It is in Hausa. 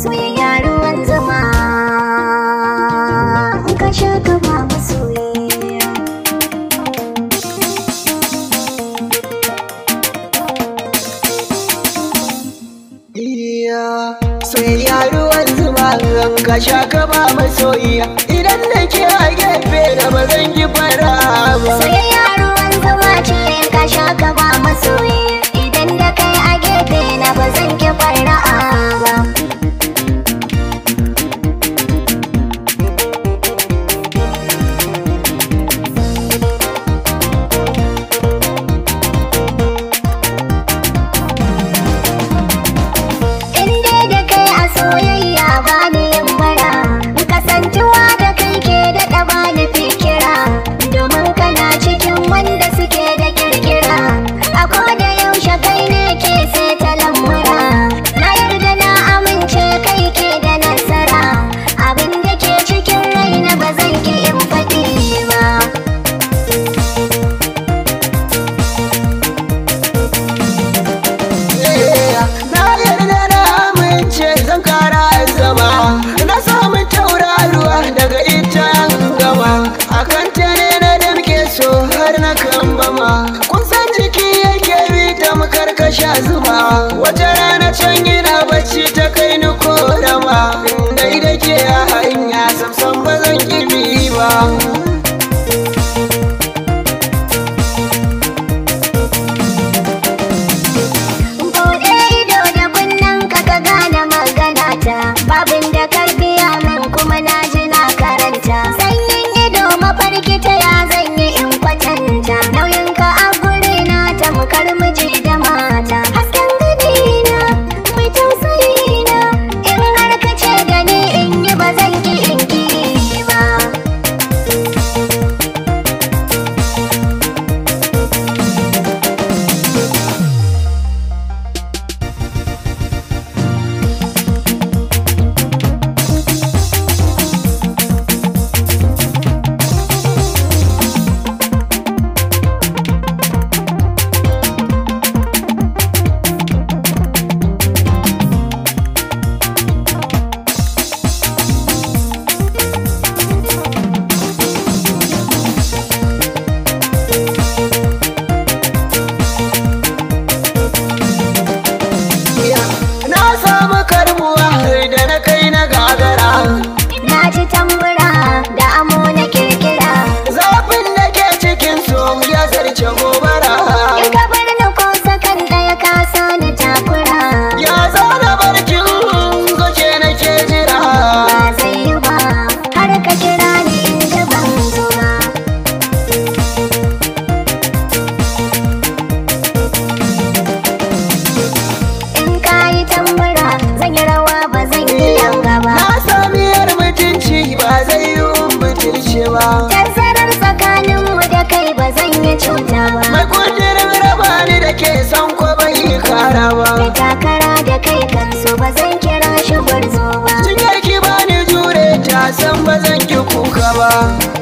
Soyayya ruwan zama ka sha ka ba Soyayya zuma ka sha ka ba masoyi idan nake a gefe da ba zan yi fara ba Oh, tamkar na kambama kun san ciki yake bi tamkar kasha zuma wata rana can yana bacci ta kai ni korama dai ke a tambura zan yi rawa ba zan yi yanga ba na sami mutunci ba zai yi mutunci ba tazarar tsakanin mu da kai ba zan yi cuta ba mai kudirin raba ni da ke son ko ban yi kara ba da takara da kai kansu ba zan kira shi gwarzo ba cinyar ki ba ni jure jasan ba zan ki kuka ba